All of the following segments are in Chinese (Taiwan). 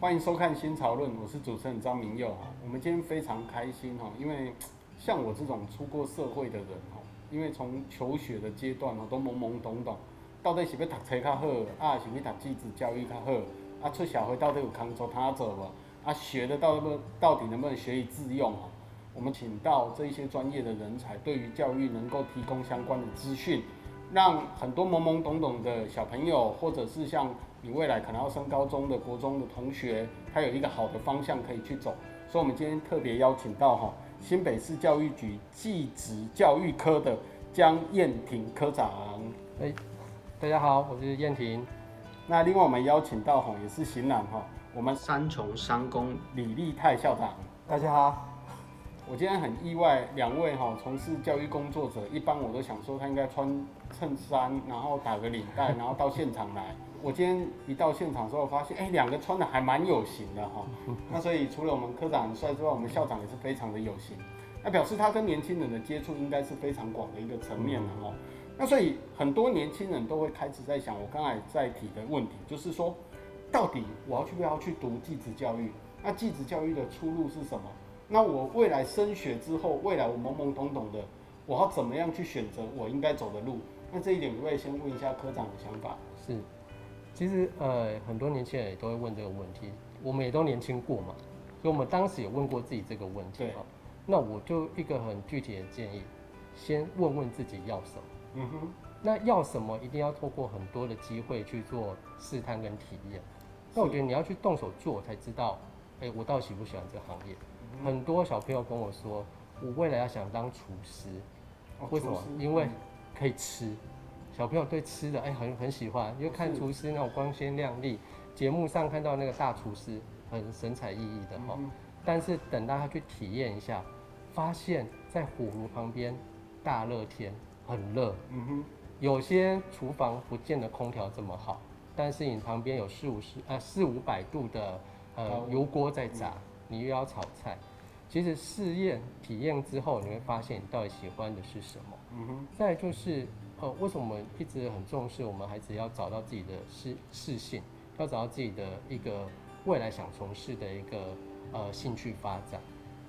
歡迎收看《新潮論》，我是主持人張銘祐哈。我們今天非常開心哈，因為像我這種出過社會的人哈，因為從求學的階段哈都懵懵懂懂，到底是要讀冊較好，啊，是要讀技職教育較好，啊，啊出社會到底有扛到，他走。無，啊，學的到底到底能不能學以致用，啊，我們請到這些專業的人才，對於教育能夠提供相關的資訊。讓很多懵懵懂懂的小朋友，或者是像你未來可能要升高中的國中的同學，他有一個好的方向可以去走。所以，我們今天特別邀請到哈新北市教育局技職教育科的江彥廷科長。哎，大家好，我是彥廷。那另外我們邀請到哈，也是型男哈，我們三重商工李立泰校長。大家好，我今天很意外，兩位哈從事教育工作者，一般我都想說他應該穿。襯衫，然後打個領帶，然後到現場來。我今天一到現場的時候，發現哎、欸，兩個穿的還蠻有型的哈、哦。那所以除了我們科長很帥之外，我們校長也是非常的有型。那表示他跟年輕人的接觸應該是非常廣的一個層面了哈、哦嗯。那所以很多年輕人都會開始在想，我剛才在提的問題，就是說到底我要去不要去讀技職教育？那技職教育的出路是什麼？那我未來升學之後，未來我懵懵懂懂的，我要怎麼樣去選擇我應該走的路？那這一點，我也先問一下科長的想法。是，其實呃，很多年輕人也都會問這個問題，我們也都年輕過嘛，所以我們當時也問過自己這個問題。對、喔。那我就一個很具體的建議，先問問自己要什麼。嗯哼。那要什麼，一定要透過很多的機會去做試探跟體驗。那我覺得你要去動手做，才知道，哎、欸，我到底喜不喜歡這個行業。嗯，很多小朋友跟我說，我未來要想當廚師，哦、為什麼？因為可以吃，小朋友對吃的哎、欸、很很喜歡，因為看廚師那種光鮮亮麗，節目上看到那個大廚師很神采奕奕的、嗯、但是等大家去體驗一下，發現，在火爐旁邊，大熱天很熱、嗯，有些廚房不見得空調這麼好，但是你旁邊有四五十啊、呃、四五百度的、呃、油鍋在炸、嗯，你又要炒菜。其實試驗體驗之後，你會發現你到底喜歡的是什麼。嗯，再就是，呃，為什麼我們一直很重視我們孩子要找到自己的適、適性，要找到自己的一個未來想從事的一個呃興趣發展？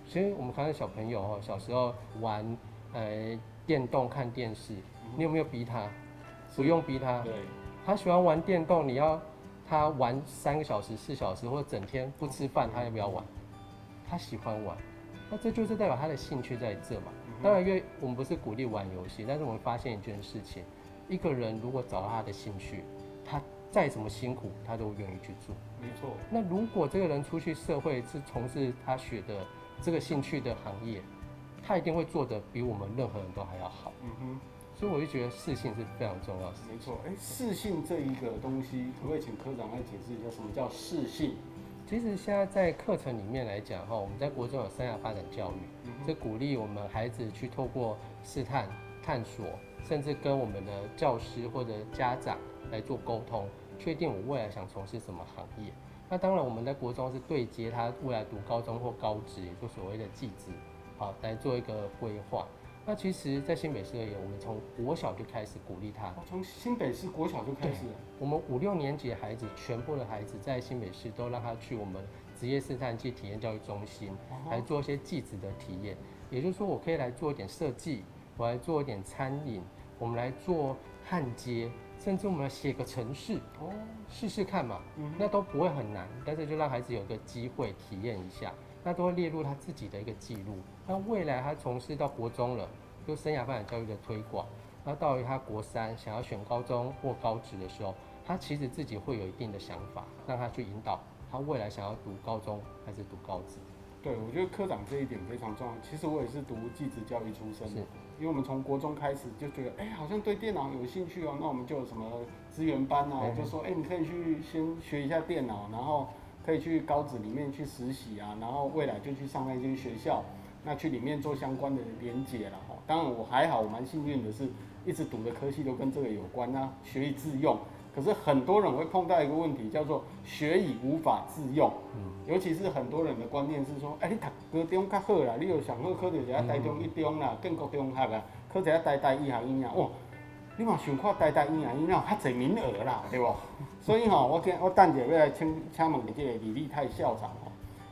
所以我們看到小朋友哦，小時候玩呃電動看電視，你有沒有逼他？嗯、不用逼他。對。他喜歡玩電動，你要他玩三個小時、四小時，或者整天不吃飯，他要不要玩？他喜歡玩。那這就是代表他的興趣在這嘛？當然，因為我們不是鼓勵玩遊戲，但是我們發現一件事情：一個人如果找到他的興趣，他再怎麼辛苦，他都願意去做。沒錯。那如果這個人出去社會是從事他學的這個興趣的行業，他一定會做得比我們任何人都還要好。嗯哼。所以我就覺得適性是非常重要的事情。沒錯。哎、欸，適性這一個東西，可不可以請科長來解釋一下什麼叫適性？其實現在在課程裡面來講哈，我們在國中有生涯發展教育，這鼓勵我們孩子去透過試探、探索，甚至跟我們的教師或者家長來做溝通，確定我未來想從事什麼行業。那當然，我們在國中是對接他未來讀高中或高職，也就是所謂的技職，好來做一個規劃。那其實，在新北市而言，我們從國小就開始鼓勵他。從、哦、新北市國小就開始，我們五六年級的孩子，全部的孩子在新北市都讓他去我們職業試探暨體驗教育中心哦哦，來做一些技職的體驗。也就是說，我可以來做一點設計，我來做一點餐飲，我們來做焊接，甚至我們來寫個程式，試、哦、試看嘛、嗯，那都不會很難，但是就讓孩子有個機會體驗一下，那都會列入他自己的一個記錄。那未來他從事到國中了，就生涯發展教育的推廣。那到了他國三想要選高中或高職的時候，他其實自己會有一定的想法，讓他去引導他未來想要讀高中還是讀高職。對，我覺得科長這一點非常重要。其實我也是讀技職教育出身的，是因為我們從國中開始就覺得，哎、欸，好像對電腦有興趣哦、喔，那我們就有什麼資源班啊，嗯嗯就說，哎、欸，你可以去先學一下電腦，然後可以去高職裡面去實習啊，然後未來就去上那間學校。那去裡面做相關的連結了哈，當然我還好，我蠻幸運的是，一直讀的科系，都跟這個有關啊，學以致用。可是很多人會碰到一個問題，叫做學以無法致用。嗯、尤其是很多人的觀念是說，哎、欸，你讀高中較好啦，你有想考科，就考台中一中啦，更、嗯、建國中學啦，科考家台大醫學院，哇、哦，你嘛想考台大醫學院，有哈儕名額啦，對不？ 所以哈、喔，我今天我等者要來請請問一下李立泰校長。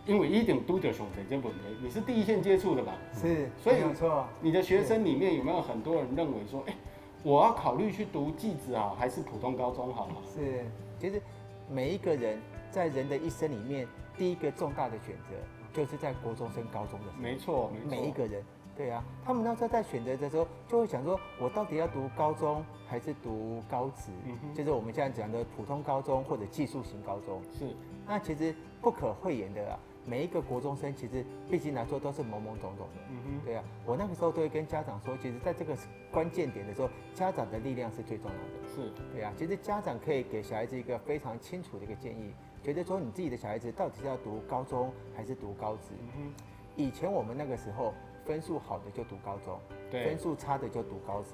因為一點讀者選擇就不能，你是第一線接觸的吧？是，嗯，所以，沒有錯，你的學生裡面有沒有很多人認為說，哎，我要考慮去讀技職啊，還是普通高中好嗎？是，其實每一個人在人的一生裡面，第一個重大的選擇就是在國中升高中的時候。沒錯，沒錯。每一個人，對啊，他們那時候在選擇的時候，就會想說，我到底要讀高中還是讀高職？嗯哼，就是我們現在講的普通高中或者技術型高中。是，那其實不可諱言的啊。每一個國中生其實，畢竟來說都是懵懵懂懂的、嗯哼，對啊。我那個時候都會跟家長說，其實在這個關鍵點的時候，家長的力量是最重要的。是，對啊。其實家長可以給小孩子一個非常清楚的一個建議，覺得說你自己的小孩子到底是要讀高中還是讀高職、嗯。以前我們那個時候分數好的就讀高中，對分數差的就讀高職。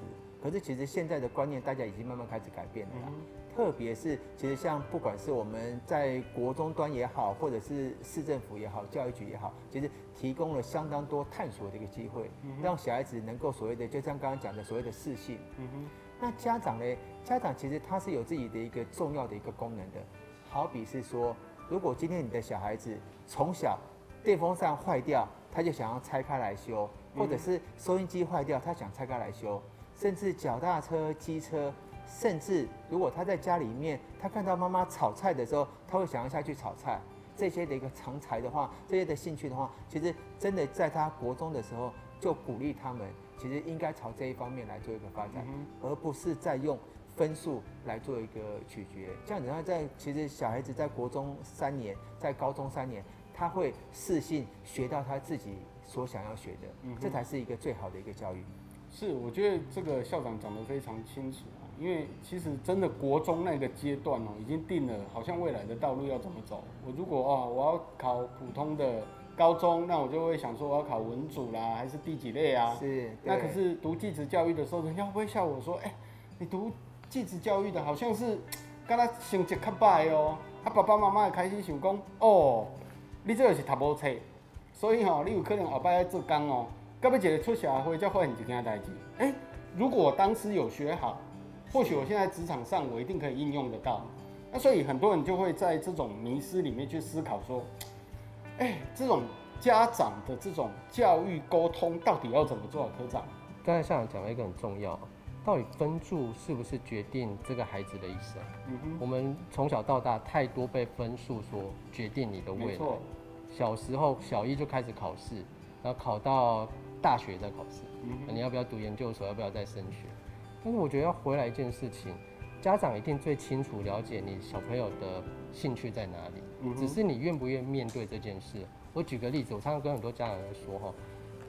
可是其實現在的觀念，大家已經慢慢開始改變了。嗯特別是，其實像不管是我們在國中端也好，或者是市政府也好、教育局也好，其實提供了相當多探索的一個機會、嗯，讓小孩子能夠所謂的就像剛剛講的所謂的適性。嗯，那家長呢？家長其實他是有自己的一個重要的一個功能的，好比是說，如果今天你的小孩子從小電風扇壞掉，他就想要拆開來修，嗯、或者是收音機壞掉，他想拆開來修，甚至腳踏車、機車。甚至，如果他在家裡面，他看到媽媽炒菜的時候，他會想要下去炒菜。這些的一個長才的話，這些的興趣的話，其實真的在他國中的時候就鼓勵他們，其實應該朝這一方面來做一個發展，嗯、而不是再用分數來做一個取決。這樣子，他在其實小孩子在國中三年，在高中三年，他會適性學到他自己所想要學的、嗯，這才是一個最好的一個教育。是，我覺得這個校長講得非常清楚。因為其實真的國中那個階段哦、喔，已經定了，好像未來的道路要怎麼走。我如果哦、喔，我要考普通的高中，那我就會想說，我要考文組啦，還是第幾類啊？是。那可是讀技職教育的時候，人家會，會笑我說：“哎、欸，你讀技職教育的好像是，敢若成績較䆀哦、喔。啊”他爸爸媽媽也開始想講：“哦、喔，你這個是讀無冊，所以、喔、你有可能後擺要做工哦。”干姐只出社會，再換一件代誌、欸、如果我當時有學好。或許我現在職場上，我一定可以應用得到。那所以很多人就會在這種迷思裡面去思考說，哎、欸，這種家長的這種教育溝通到底要怎麼做？科長，剛才校長講了一個很重要，到底分數是不是決定這個孩子的一生、啊嗯？我們從小到大太多被分數所決定你的未來。小時候小一就開始考試，然後考到大學再考試、嗯，你要不要讀研究所？要不要再升學？但是我覺得要回來一件事情，家長一定最清楚了解你小朋友的興趣在哪裡，嗯、只是你願不願意面對這件事。我舉個例子，我常常跟很多家長來說哈，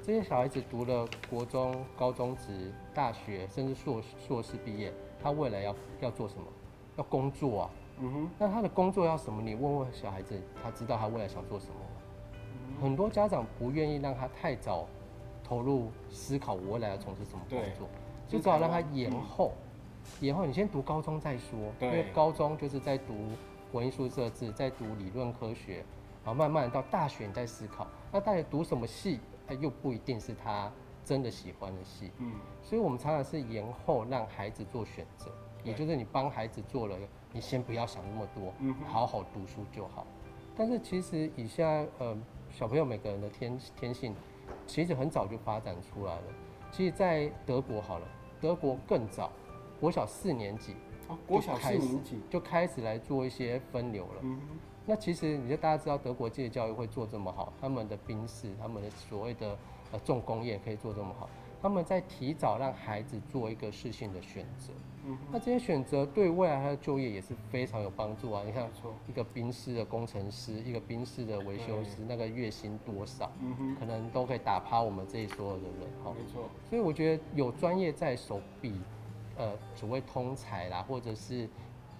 這些小孩子讀了國中、高中職、大學，甚至碩碩士畢業，他未來要要做什麼？要工作啊。嗯哼。那他的工作要什麼？你問問小孩子，他知道他未來想做什麼嗎？很多家長不願意讓他太早投入思考我未來要從事什麼工作。就只好讓他延後，嗯、延後，你先讀高中再說，對，因為高中就是在讀文藝術、設置，在讀理論科學，然後慢慢到大學你再思考。那到底讀什麼系，他又不一定是他真的喜歡的系。嗯，所以我們常常是延後讓孩子做選擇，也就是你幫孩子做了，你先不要想那麼多，好好讀書就好。嗯、但是其實以下呃小朋友每個人的天天性，其實很早就發展出來了。其實，在德國好了。德國更早，國小四年級，啊、國小四年級就開，就開始來做一些分流了。嗯、那其實，你就大家知道，德國職些教育會做這麼好，他們的賓士，他們的所謂的呃重工業可以做這麼好，他們在提早讓孩子做一個適性的選擇。那這些選擇對未來他的就業也是非常有幫助啊！你看，一個賓士的工程師，一個賓士的維修師，那個月薪多少？嗯可能都可以打趴我們這一所有的人。好，沒錯。所以我覺得有專業在手，比呃所謂通才啦，或者是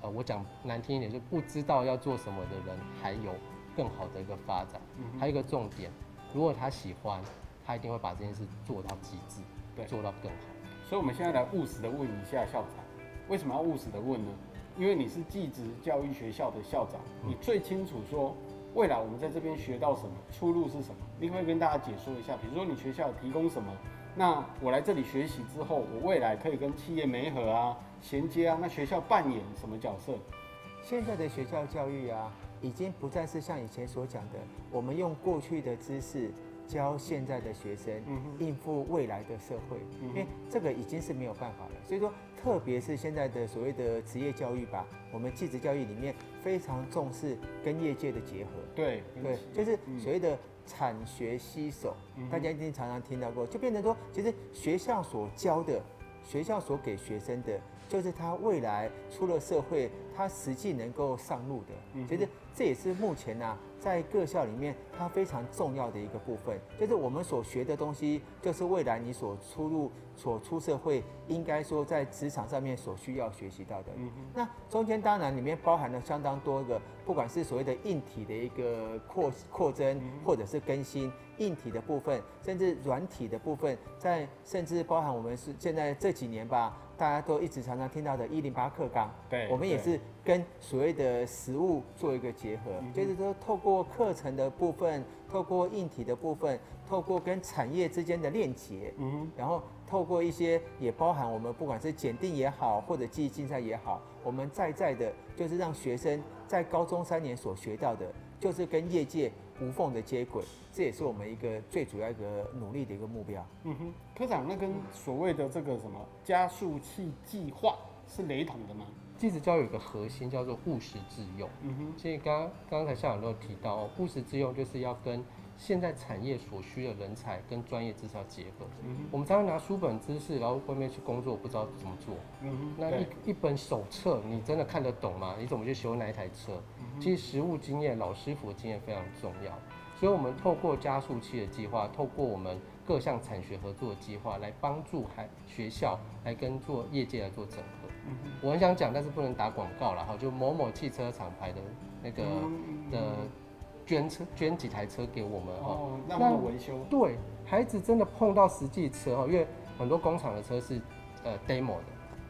呃我講難聽一點，就不知道要做什麼的人，還有更好的一個發展。嗯。還有一個重點，如果他喜歡，他一定會把這件事做到極致，對，做到更好。所以，我們現在來務實的問一下校長。為什麼要務實的問呢？因為你是技職教育學校的校長，你最清楚說，未來我們在這邊學到什麼，出路是什麼。你可以跟大家解說一下，比如說你學校提供什麼，那我來這裡學習之後，我未來可以跟企業媒合啊、銜接啊，那學校扮演什麼角色？現在的學校教育啊，已經不再是像以前所講的，我們用過去的知識教現在的學生、嗯、應付未來的社會、嗯，因為這個已經是沒有辦法了。所以說。特別是現在的所謂的職業教育吧，我們技職教育裡面非常重視跟業界的結合。對對，就是所謂的產學攜手，大家一定常常聽到過，就變成說，其實學校所教的，學校所給學生的，就是他未來出了社會。它實際能夠上路的，其實這也是目前呢、啊，在各校裡面它非常重要的一個部分，就是我們所學的東西，就是未來你所出入、所出社會，應該說在職場上面所需要學習到的。嗯，那中間當然裡面包含了相當多個，不管是所謂的硬體的一個擴擴增或者是更新硬體的部分，甚至軟體的部分，在甚至包含我們是現在這幾年吧，大家都一直常常聽到的一零八課綱，對，我們也是。跟所謂的實務做一個結合，嗯、就是說，透過課程的部分，透過硬體的部分，透過跟產業之間的鏈接，嗯哼，然後透過一些，也包含我們不管是檢定也好，或者技藝競賽也好，我們在在的，就是讓學生在高中三年所學到的，就是跟業界無縫的接軌，這也是我們一個最主要一個努力的一個目標。嗯哼，科長，那跟所謂的這個什麼加速器計劃是雷同的嗎？技職教育有一個核心叫做務實致用。嗯哼，所以剛剛才校長都有提到哦，務實致用就是要跟現在產業所需的人才跟專業知識要結合。嗯，我們常常拿書本知識，然後外面去工作，不知道怎麼做。嗯哼，那一一本手冊，你真的看得懂嗎？你怎麼去修那一台車？嗯哼。其實實務經驗、老師傅經驗非常重要。所以，我們透過加速器的計劃，透過我們。各項產學合作的計劃來幫助還學校來跟做業界來做整合。嗯、我很想講，但是不能打廣告了哈。就某某汽車廠牌的那個、嗯嗯、的捐車，捐幾台車給我們哦，那維修。對孩子真的碰到實際車哈，因為很多工廠的車是呃 demo 的，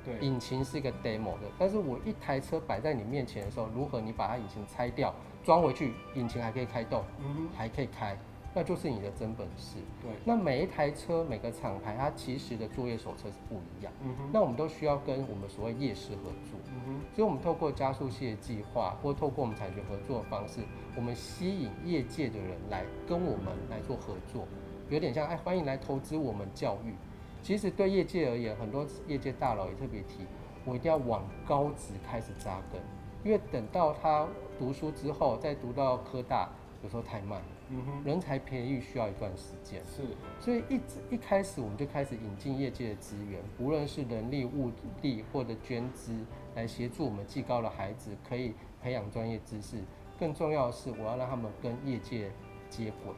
對，引擎是一個 demo 的。但是我一台車擺在你面前的時候，如何你把它引擎拆掉裝回去，引擎還可以開動，嗯、還可以開。那就是你的真本事。對，那每一台車，每個廠牌，它其實的作業手冊是不一樣的。嗯哼。那我們都需要跟我們所謂業師合作。嗯哼，所以我們透過加速器的計劃，或透過我們產學合作的方式，我們吸引業界的人來跟我們來做合作，有點像哎，歡迎來投資我們教育。其實對業界而言，很多業界大佬也特別提，我一定要往高職開始扎根，因為等到他讀書之後，再讀到科大，有時候太慢。嗯，人才培育需要一段時間，是，所以一一開始我們就開始引進業界的資源，無論是人力、物力或者捐資，來協助我們技高的孩子可以培養專業知識。更重要的是，我要讓他們跟業界接軌，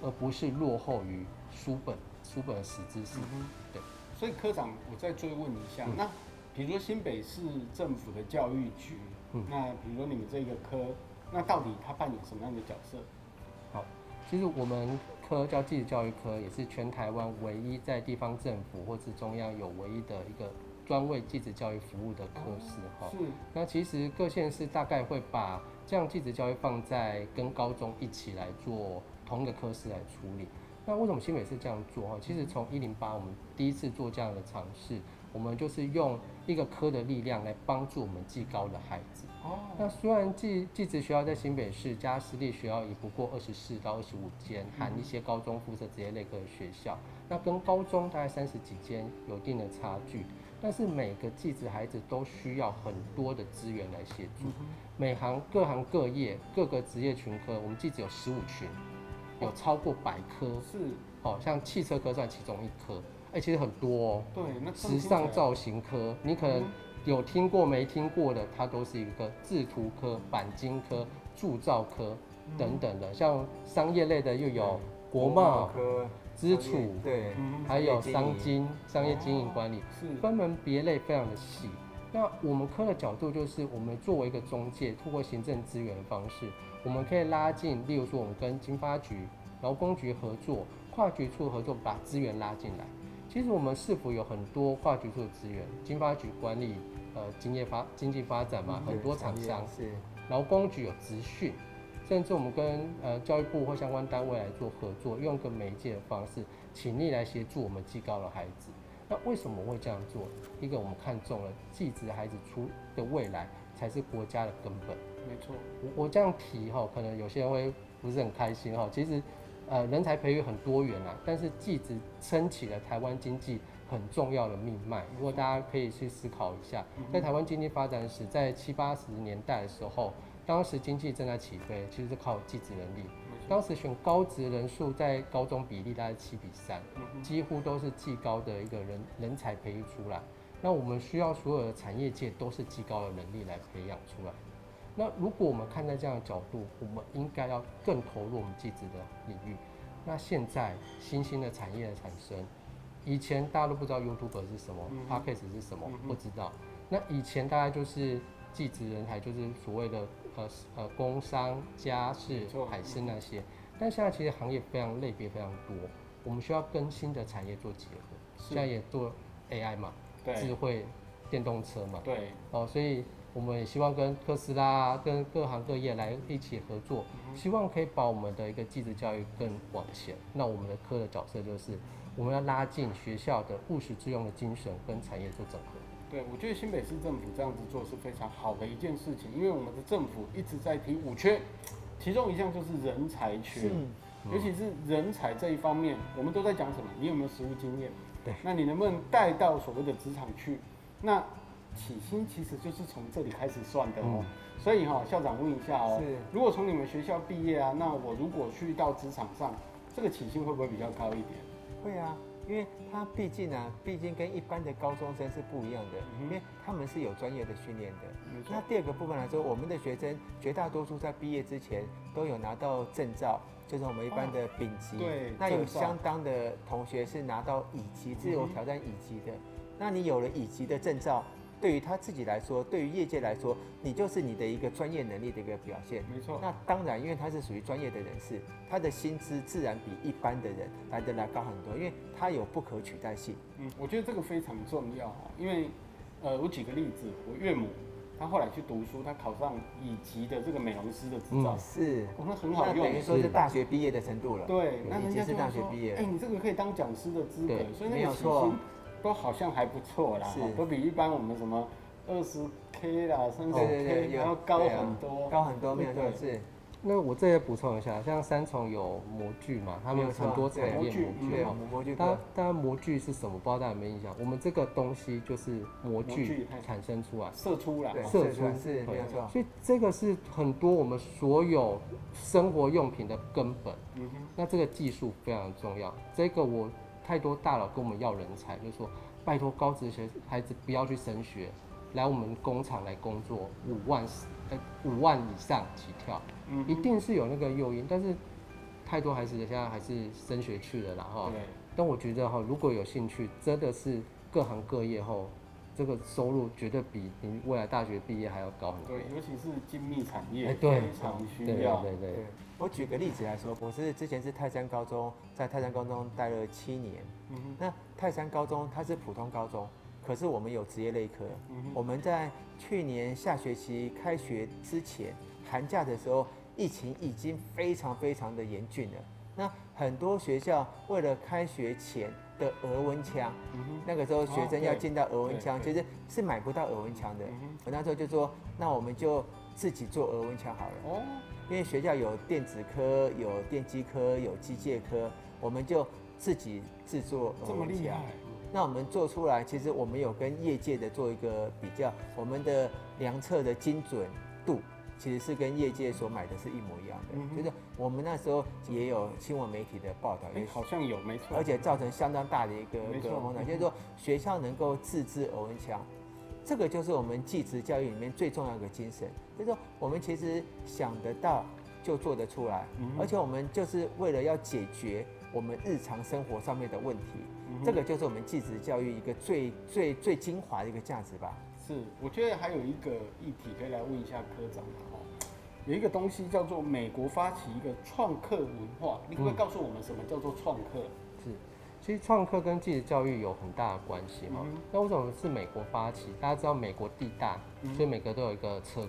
而不是落後於書本、書本的死知識、嗯。對，所以科長，我再追問一下，嗯、那比如說新北市政府的教育局，嗯、那比如說你們這個科，那到底他扮演什麼樣的角色？好，其實我們科叫技職教育科，也是全台灣唯一在地方政府或是中央有唯一的一個專為技職教育服務的科室哈、嗯。那其實各縣市大概會把這樣技職教育放在跟高中一起來做同一個科室來處理。那為什麼新北市這樣做哈？其實從一零八我們第一次做這樣的嘗試，我們就是用。一個科的力量來幫助我們技高的孩子。哦、oh.，那雖然技技職學校在新北市，加私立學校也不過二十四到二十五間，mm -hmm. 含一些高中附設職業類科的學校，那跟高中大概三十幾間有一定的差距。但是每個技職孩子都需要很多的資源來協助。Mm -hmm. 每行各行各業各個職業群科，我們技職有十五群，有超過百科。是、mm -hmm. 哦，好像汽車科算其中一科。哎、欸，其實很多哦、喔。對，那時尚造型科，你可能有聽過沒聽過的，嗯、它都是一個製圖科、鈑金科、鑄造科、嗯、等等的。像商業類的又有國貿科、資處，對、嗯，還有商經、商業經營管理，哦、是分門別類非常的細。那我們科的角度就是，我們作為一個中介，通過行政資源的方式，我們可以拉近，例如說我們跟經發局、勞工局合作，跨局處合作，把資源拉進來。其實我們市府有很多跨局處的資源，經發局管理呃經業發經濟發展嘛，很多廠商是，勞工局有資訊，甚至我們跟呃教育部，或相關單位來做合作，用個媒介的方式，請你來協助我們技高的孩子。那為什麼會這樣做？一個我們看中了技職孩子出的未來才是國家的根本。沒錯，我、嗯、我這樣提哈，可能有些人會不是很開心哈。其實。呃，人才培育很多元啦，啊，但是繼職撐起技職撐起了台灣經濟很重要的命脈。如果大家可以去思考一下，在台灣經濟發展史，在七八十年代的時候，當時經濟正在起飛，其實是靠技職能力。當時選高職人數在高中比例大概七比三，幾乎都是技高的一個人人才培育出來。那我們需要所有的產業界都是技高的能力來培養出來。那如果我們看在這樣的角度，我們應該要更投入我們技職的領域。那現在新興的產業的產生，以前大家都不知道 YouTuber 是什麼，Podcast 是什麼，不知道、嗯。那以前大概就是技職人才，就是所謂的呃呃工商、家事、海事那些。但現在其實行業非常類別非常多，我們需要跟新的產業做結合。是現在也做 AI 嘛，智慧電動車嘛，對，哦、呃，所以。我們也希望跟特斯拉、跟各行各業來一起合作，希望可以把我們的一個技職教育更往前。那我們的科的角色就是，我們要拉近學校的務實致用的精神跟產業做整合。對，我覺得新北市政府這樣子做是非常好的一件事情，因為我們的政府一直在提五缺，其中一項就是人才缺，尤其是人才這一方面，我們都在講什麼？你有沒有實務經驗？對，那你能不能帶到所謂的職場去？那。起薪其實就是從這裡開始算的哦、喔嗯，所以哈、喔、校長問一下哦、喔，如果從你們學校畢業啊，那我如果去到職場上，這個起薪會不會比較高一點？會、嗯、啊，因為他畢竟呢、啊，畢竟跟一般的高中生是不一樣的，嗯、因為他們是有專業的訓練的沒錯。那第二個部分來說，我們的學生絕大多數在畢業之前都有拿到證照，就是我們一般的丙級、啊。對，那有相當的同學是拿到乙級，自由挑戰乙級的。嗯、那你有了乙級的證照？對於他自己來說，對於業界來說，你就是你的一個專業能力的一個表現。沒錯。那當然，因為他是屬於專業的人士，他的薪資自然比一般的人來得來高很多，因為他有不可取代性。嗯，我覺得這個非常重要啊，因為，呃，我舉個例子，我岳母，她後來去讀書，她考上乙級的這個美容師的執照、嗯，是，我、哦、們很好用，等於說是大學畢業的程度了。對，那人家就是說，哎、欸，你這個可以當講師的資格，所以那個沒有錯。都好像還不錯啦，都比一般我們什麼二十 K 啦、三十 K 也要高很多，哎，高很多，沒有是。那我這也補充一下，像三重有模具嘛，他們有很多產業模具對模模具，但但模，模、嗯、模，模具是什麼？不知道大家有沒有印象？我們這個東西就是模具產生出來，射出來，射出是，所以這個是很多我們所有生活用品的根本，嗯，那這個技術非常重要。這個我。太多大佬跟我們要人才，就是說，拜托高職學孩子不要去升學，來我們工廠來工作，五萬、欸、五萬以上起跳，嗯，一定是有那個誘因。但是太多孩子現在還是升學去了，然後，但我覺得哈，如果有興趣，真的是各行各業後，這個收入絕對比你未來大學畢業還要高很多。對，尤其是精密產業，欸、對，非常需要。對對對,對。對我舉個例子來說，我是之前是泰山高中，在泰山高中待了七年。嗯，那泰山高中它是普通高中，可是我們有職業類科。嗯，我們在去年下學期開學之前，寒假的時候，疫情已經非常非常的嚴峻了。那很多學校為了開學前的額溫槍，嗯，那個時候學生要進到額溫槍，其、嗯、實、就是、是買不到額溫槍的。嗯，我那時候就說，那我們就自己做額溫槍好了。哦。因為學校有電子科、有電機科、有機械科，我們就自己制作額溫槍。這麼厲害、欸！那我們做出來，其實我們有跟業界的做一個比較，我們的量測的精準度其實是跟業界所買的是一模一樣的。嗯、就是我們那時候也有新聞媒體的報道，也、欸、好像有沒錯。而且造成相當大的一個轟動、嗯，就是說學校能夠自制額溫槍。這個就是我們技職教育裡面最重要的精神，所以說我們其實想得到就做得出來，而且我們就是為了要解決我們日常生活上面的問題，這個就是我們技職教育一個最最最精華的一個價值吧、嗯。是，我覺得還有一個議題可以來問一下科長，有一個東西叫做美國發起一個創客文化，你可不可以告訴我們什麼叫做創客？嗯、是。其實創客跟技職教育有很大的關係嘛。那為什麼是美國發起？大家知道美國地大，嗯、所以每個都有一個車庫。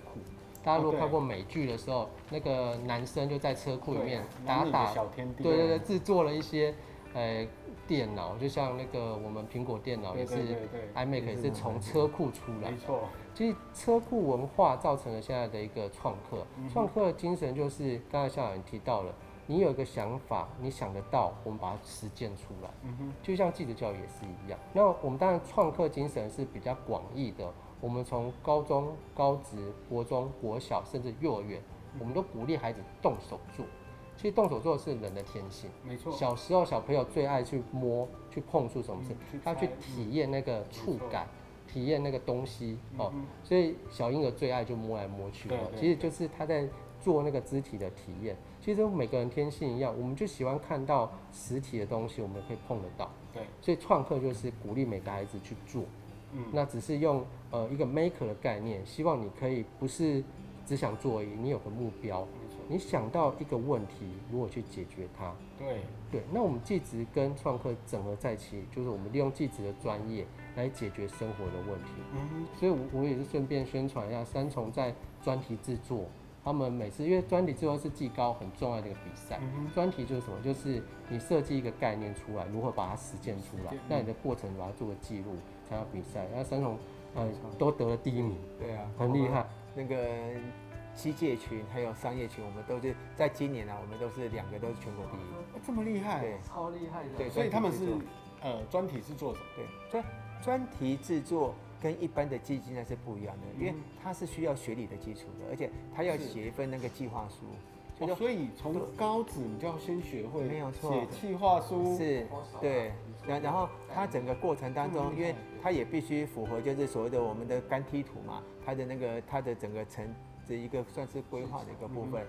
大家如果看過美劇的時候、哦，那個男生就在車庫裡面打打小天地、啊，對對對，製作了一些呃、欸、電腦，就像那個我們蘋果電腦也是，iMac 也是從車庫出來。沒錯，其實車庫文化造成了現在的一個創客。創、嗯、客的精神就是剛才校長提到了。你有一個想法，你想得到，我們把它實踐出來。嗯哼，就像技職教育也是一樣。那我們當然創客精神是比較廣義的，我們從高中、高職、國中、國小，甚至幼兒園，我們都鼓勵孩子動手做。其實動手做是人的天性，沒錯。小時候小朋友最愛去摸、去碰觸什麼事，他去體驗那個觸感，體驗那個東西哦、嗯。所以小嬰兒最愛就摸來摸去，其實就是他在做那個肢體的體驗。其實每個人天性一樣，我們就喜歡看到實體的東西，我們可以碰得到。對，所以創客就是鼓勵每個孩子去做。嗯，那只是用呃一個 maker 的概念，希望你可以不是只想做而已，你有個目標，沒錯，你想到一個問題，如何去解決它。對對，那我們技職跟創客整合在一起，就是我們利用技職的專業來解決生活的問題。嗯，所以我我也是順便宣傳一下三重在專題製作。他們每次因為專題製作是技高很重要的一個比賽，專、嗯、題就是什麼，就是你設計一個概念出來，如何把它實踐出來踐、嗯，那你的過程把它做個記錄，參加比賽，然、啊、後三重呃、嗯嗯、都得了第一名，嗯、對啊，很厲害。那個機械群還有商業群，我們都是在今年啊，我們都是兩個都是全國第一，這麼厲害、啊對，超厲害的對。對，所以他們是，他們是呃專題是做什麼，對，專專、嗯、題製作。跟一般的基金呢是不一樣的，因為它是需要學理的基礎的，而且它要寫一份那個計劃書。所以從、哦、高職你就要先學會沒有錯寫計劃書，書是，對，然然後它整個過程當中，因為它也必須符合就是所謂的我們的甘特圖嘛，它的那個它的整個層這一個算是規劃的一個部分。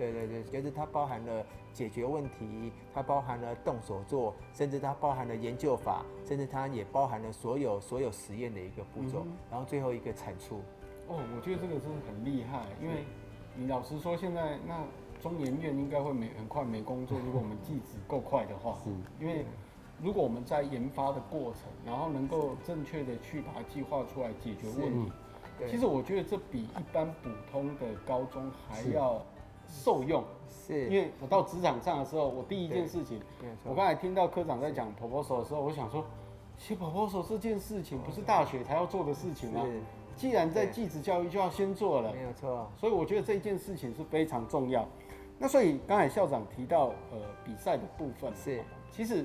對對對，就是它包含了解決問題，它包含了動手做，甚至它包含了研究法，甚至它也包含了所有所有實驗的一個步驟，嗯、然後最後一個產出。哦，我覺得這個真的很厲害，因為你老實說，現在那中研院應該會沒很快沒工作，如果我們技職夠快的話，是，因為如果我們在研發的過程，然後能夠正確的去把它計劃出來解決問題，對，其實我覺得這比一般普通的高中還要受用，是因為我到職場上的時候，我第一件事情，對，我剛才聽到科長在講 proposal 的時候，我想說，寫 proposal 這件事情不是大學才要做的事情嗎、啊？既然在技職教育就要先做了，沒有錯。所以我覺得這件事情是非常重要。那所以剛才校長提到呃比賽的部分，是其實。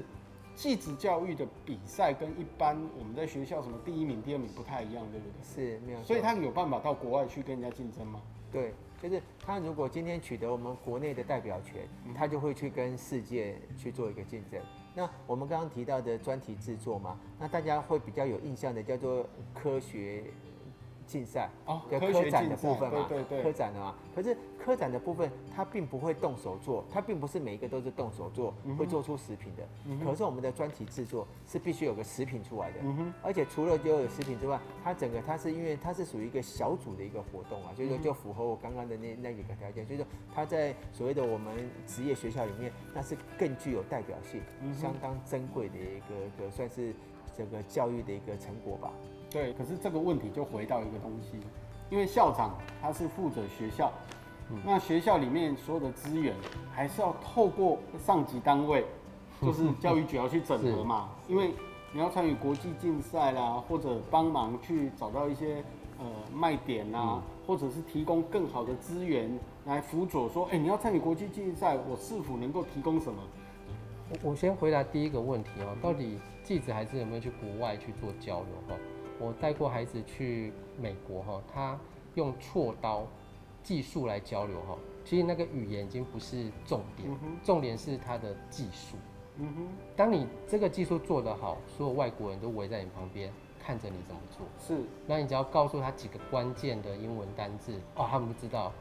技職教育的比賽跟一般我們在學校什麼第一名、第二名不太一樣，對不對？是沒有，所以他們有辦法到國外去跟人家競爭嗎？對，就是他如果今天取得我們國內的代表權，他就會去跟世界去做一個競爭。那我們剛剛提到的專題製作嘛，那大家會比較有印象的叫做科學。競賽啊，科展的部分嘛，對對對，科展的嘛。可是科展的部分，它並不會動手做，它並不是每一個都是動手做，嗯、會做出食品的。嗯、可是我們的專題制作是必須有個食品出來的，嗯，而且除了就有食品之外，它整個它是因為它是屬於一個小組的一個活動啊，所以說就符合我剛剛的那那幾個條件。所以說它在所謂的我們職業學校裡面，那是更具有代表性，嗯、相當珍貴的一個一個算是這個教育的一個成果吧。對，可是這個問題就回到一個東西，嗯、因為校長他是負責學校、嗯，那學校裡面所有的資源還是要透過上級單位，就是教育局要去整合嘛。嗯、因為你要參與國際競賽啦，或者幫忙去找到一些呃賣點啊、嗯，或者是提供更好的資源來輔佐說，說、欸、哎，你要參與國際競賽，我是否能夠提供什麼？我我先回答第一個問題啊、喔嗯，到底技職還是有沒有去國外去做交流哈、喔？我帶過孩子去美國哈，他用銼刀技術來交流哈，其實那個語言已經不是重點，重點是他的技術。當你這個技術做得好，所有外國人都圍在你旁邊看着你怎麼做。是，那你只要告訴他幾個關鍵的英文單字，哦，他們就知道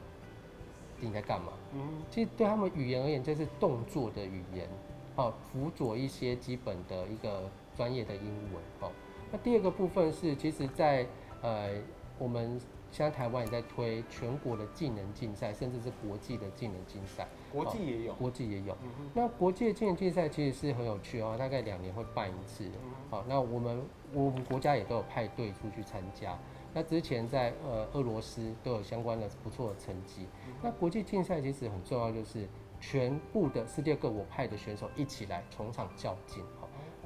你在幹嘛。嗯，其實對他們語言而言，就是動作的語言，哦，輔佐一些基本的一個專業的英文哦。那第二個部分是，其實在，在呃，我們現在台灣也在推全國的技能競賽，甚至是國際的技能競賽。國際也有，哦、國際也有。嗯、那國際的技能競賽其實是很有趣哦，大概兩年會辦一次。好、嗯哦，那我們我們國家也都有派隊出去參加。那之前在呃俄羅斯都有相關的不錯的成績，嗯。那國際競賽其實很重要，就是全部的世界各國派的選手一起來同場較勁。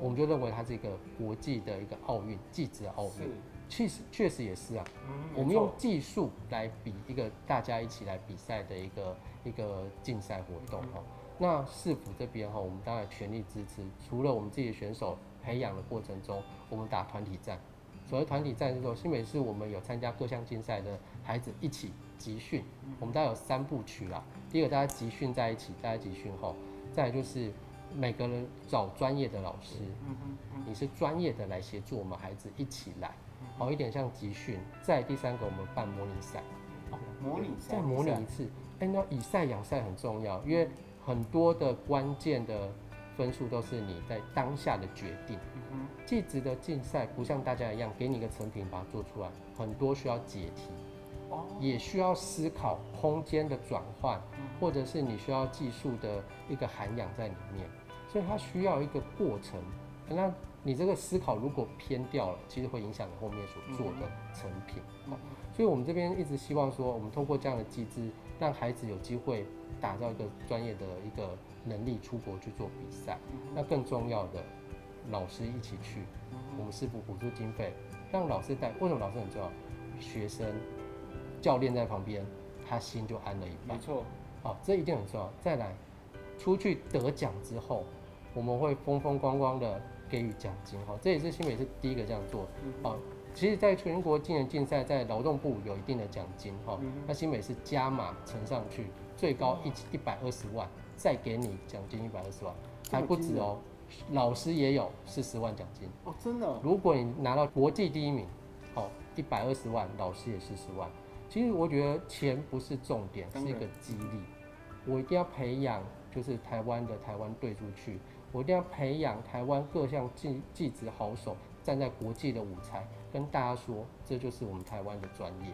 我們就認為它是一個國際的一個奧運，技職奧運，其實確實也是啊、嗯。我們用技術來比一個大家一起來比賽的一個一個競賽活動哈、哦。那市府這邊哈、哦，我們當然全力支持。除了我們自己的選手培養的過程中，我們打團體戰。所謂團體戰的時候，新北市我們有參加各項競賽的孩子一起集訓。我們大概有三部曲啦、啊。第一個大家集訓在一起，大家集訓後，再來就是。每個人找專業的老師，嗯嗯、你是專業的來協助我們孩子一起來、嗯、好一點，像集訓。再第三個，我們辦模擬賽、哦，模擬賽，再模擬一次。一次哎，那以賽養賽很重要、嗯，因為很多的關鍵的分數都是你在當下的決定。嗯哼，技職的競賽不像大家一樣給你一個成品把它做出來，很多需要解題。也需要思考空間的轉換，或者是你需要技術的一個涵養在裡面，所以它需要一個過程。那你這個思考如果偏掉了，其實會影響你後面所做的成品。嗯、所以，我們這邊一直希望說，我們通過這樣的機制，讓孩子有機會打造一個專業的一個能力，出國去做比賽。那更重要的，老師一起去，我們是不補助經費，讓老師帶。為什麼老師很重要？學生，教練在旁邊，他心就安了一半。沒錯，好、哦，這一定很重要。再來，出去得獎之後，我們會風風光光的給予獎金。哈、哦，這也是新北是第一個這樣做。啊、嗯哦，其實，在全國技能競賽，在勞動部有一定的獎金。哈、哦嗯，那新北是加碼乘上去，最高一一百二十萬，再給你獎金一百二十萬，還不止哦。老師也有四十萬獎金。哦，真的？如果你拿到國際第一名，哦，一百二十萬，老師也四十萬。其實我覺得錢不是重點，是一個激勵。我一定要培養，就是台灣的台灣隊出去，我一定要培養台灣各項技技職好手，站在國際的舞台，跟大家說，這就是我們台灣的專業。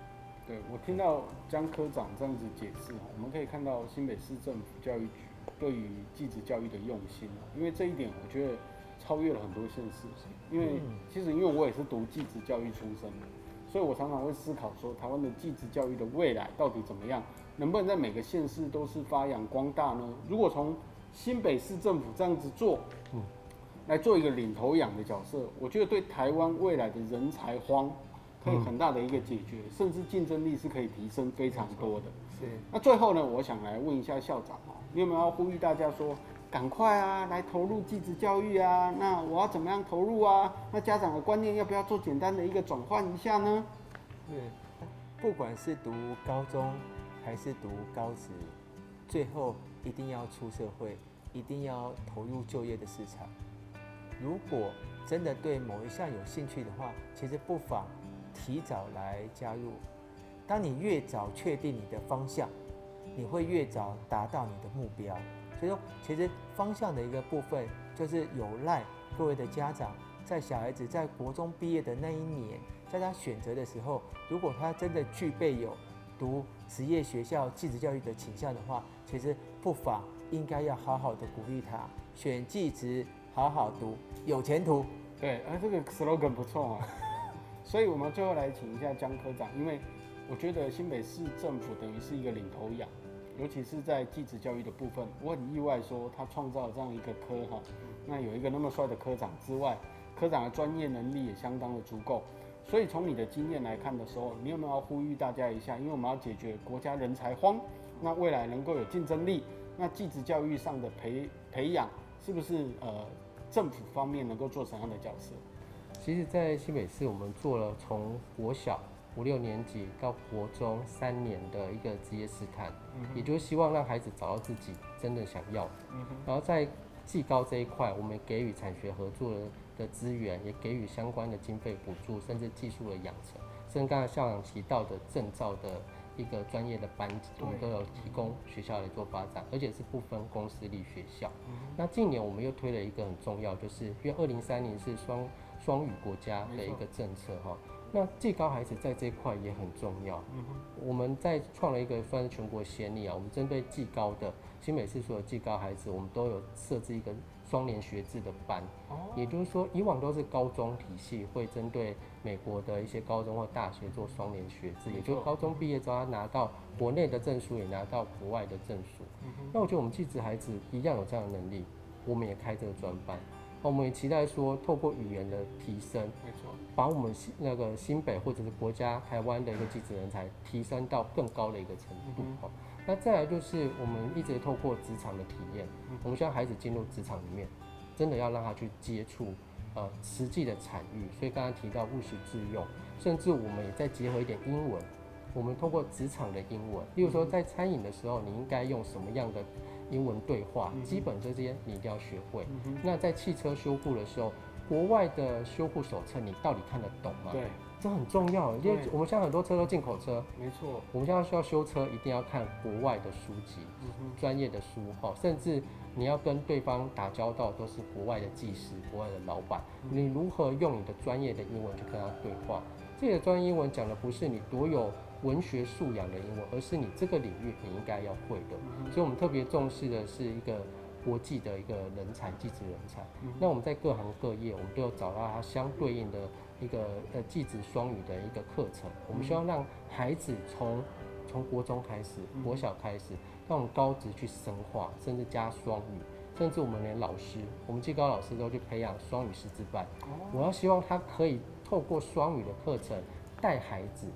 對，我聽到江科長這樣子解釋，我們可以看到新北市政府教育局對於技職教育的用心啊，因為這一點我覺得超越了很多現實。因為其實因為我也是讀技職教育出身所以，我常常會思考說，台灣的技職教育的未來到底怎麼樣，能不能在每個縣市都是發揚光大呢？如果從新北市政府這樣子做，嗯，來做一個領頭羊的角色，我覺得對台灣未來的人才荒可以很大的一個解決，嗯、甚至競爭力是可以提升非常多的。是。那最後呢，我想來問一下校長啊、喔，你有沒有要呼籲大家說？趕快啊，來投入技職教育！啊！那我要怎麼樣投入啊？那家長的觀念要不要做簡單的一個轉換一下呢？對，不管是讀高中還是讀高職，最後一定要出社會，一定要投入就業的市場。如果真的對某一項有興趣的話，其實不妨提早來加入。當你越早確定你的方向，你會越早達到你的目標。所以說，其實方向的一個部分，就是有賴各位的家長，在小孩子在國中畢業的那一年，在他選擇的時候，如果他真的具備有讀職業學校、技職教育的傾向的話，其實不妨應該要好好的鼓勵他，選技職，好好讀，有前途。對、啊，而這個 slogan 不錯嘛、啊。所以我們最後來請一下江科長，因為我覺得新北市政府等於是一個領頭羊。尤其是在技職教育的部分，我很意外說他創造了這樣一個科，哈，那有一個那麼帥的科長之外，科長的專業能力也相當的足夠。所以從你的經驗來看的時候，你有沒有要呼籲大家一下？因為我們要解決國家人才荒，那未來能夠有競爭力，那技職教育上的培培養是不是呃政府方面能夠做什麼樣的角色？其實，在新北市我們做了從國小。五六年級到國中三年的一個職業試探、嗯，也就是希望讓孩子找到自己真的想要的、嗯，然後在技高這一塊，我們給予產學合作的資源，也給予相關的經費補助，甚至技術的養成。像剛才校長提到的證照的一個專業的班級，我們都有提供學校來做發展、嗯，而且是不分公私立學校、嗯。那近年我們又推了一個很重要，就是因為二零三零是雙雙語國家的一個政策，哈。哦那技高孩子在這塊也很重要。嗯，我們在創了一個算是全國先例啊，我們針對技高的，其實新北市所有技高孩子，我們都有設置一個雙聯學制的班。也就是說，以往都是高中體系會針對美國的一些高中或大學做雙聯學制，也就是高中畢業之後他拿到國內的證書，也拿到國外的證書。那我覺得我們技職孩子一樣有這樣的能力，我們也開這個專班。我們也期待說，透過語言的提升，沒錯，把我們那個新北或者是國家台灣的一個技職人才提升到更高的一個程度。嗯嗯哦、那再來就是我們一直透過職場的體驗，嗯嗯我們希望孩子進入職場裡面，真的要讓他去接觸呃實際的產業。所以剛剛提到務實致用，甚至我們也在結合一點英文，我們通過職場的英文，例如說在餐飲的時候，你應該用什麼樣的？英文對話，基本這些你一定要學會。嗯、那在汽車修復的時候，國外的修復手冊你到底看得懂嗎？對，這很重要，因為我們現在很多車都進口車，沒錯。我們現在需要修車，一定要看國外的書籍，專、嗯、業的書哈。甚至你要跟對方打交道，都是國外的技師、國外的老闆、嗯，你如何用你的專業的英文去跟他對話？這個專業英文講的不是你多有。文學素養的英文，而是你這個領域，你應該要會的。所以，我們特別重視的是一個國際的一個人才，技職人才。那我們在各行各業，我們都有找到它相對應的一個呃技職雙語的一個課程。我們希望讓孩子從從國中開始，國小開始，到我們高職去深化，甚至加雙語，甚至我們連老師，我們技高老師都去培養雙語師資班。我要希望他可以透過雙語的課程帶孩子。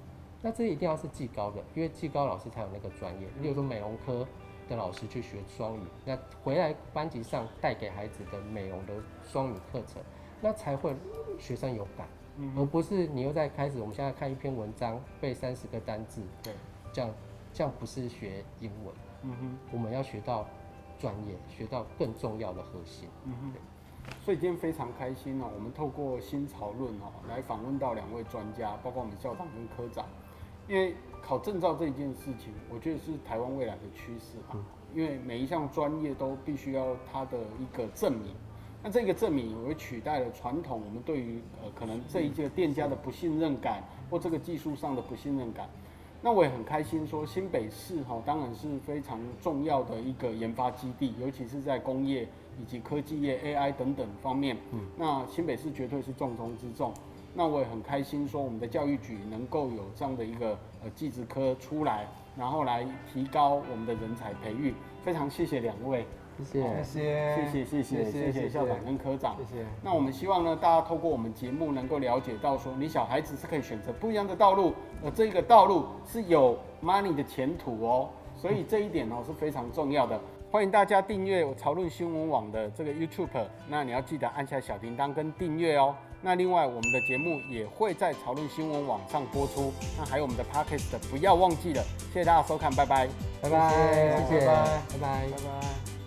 那這一定要是技高的，因為技高老師才有那個專業。例如說美容科的老師去學雙語，那回來班級上帶給孩子的美容的雙語課程，那才會學生有感、嗯，而不是你又在開始我們現在看一篇文章背三十個單字，對，這樣這樣不是學英文，嗯哼，我們要學到專業，學到更重要的核心。嗯哼，所以今天非常開心哦、喔，我們透過新潮論哦、喔，來訪問到兩位專家，包括我們校長跟科長。因為考證照這一件事情，我覺得是台灣未來的趨勢吧。因為每一項專業都必須要它的一個證明，那這個證明也會取代了傳統我們對於呃可能這一屆店家的不信任感、嗯、或這個技術上的不信任感。那我也很開心說，新北市哈、哦、當然是非常重要的一個研發基地，尤其是在工業以及科技業 AI 等等方面、嗯。那新北市絕對是重中之重。那我也很開心，說我們的教育局能夠有這樣的一個呃技職科出來，然後來提高我們的人才培育，非常謝謝兩位謝謝、哦，謝謝，謝謝，謝謝，謝謝，謝,謝,謝,謝,謝,謝,謝,謝校長跟科長，謝謝。那我們希望呢，大家透過我們節目能夠了解到說，說你小孩子是可以選擇不一樣的道路，而這個道路是有 money 的前途哦，所以這一點哦是非常重要的。嗯嗯、歡迎大家訂閱我潮論新聞網的這個 YouTube，那你要記得按下小鈴鐺跟訂閱哦。那另外，我們的節目也會在潮論新聞網上播出。那還有我們的 Podcast，不要忘記了。謝謝大家收看，拜拜，拜拜，謝謝，拜拜，謝謝拜拜，拜拜。拜拜拜拜拜拜。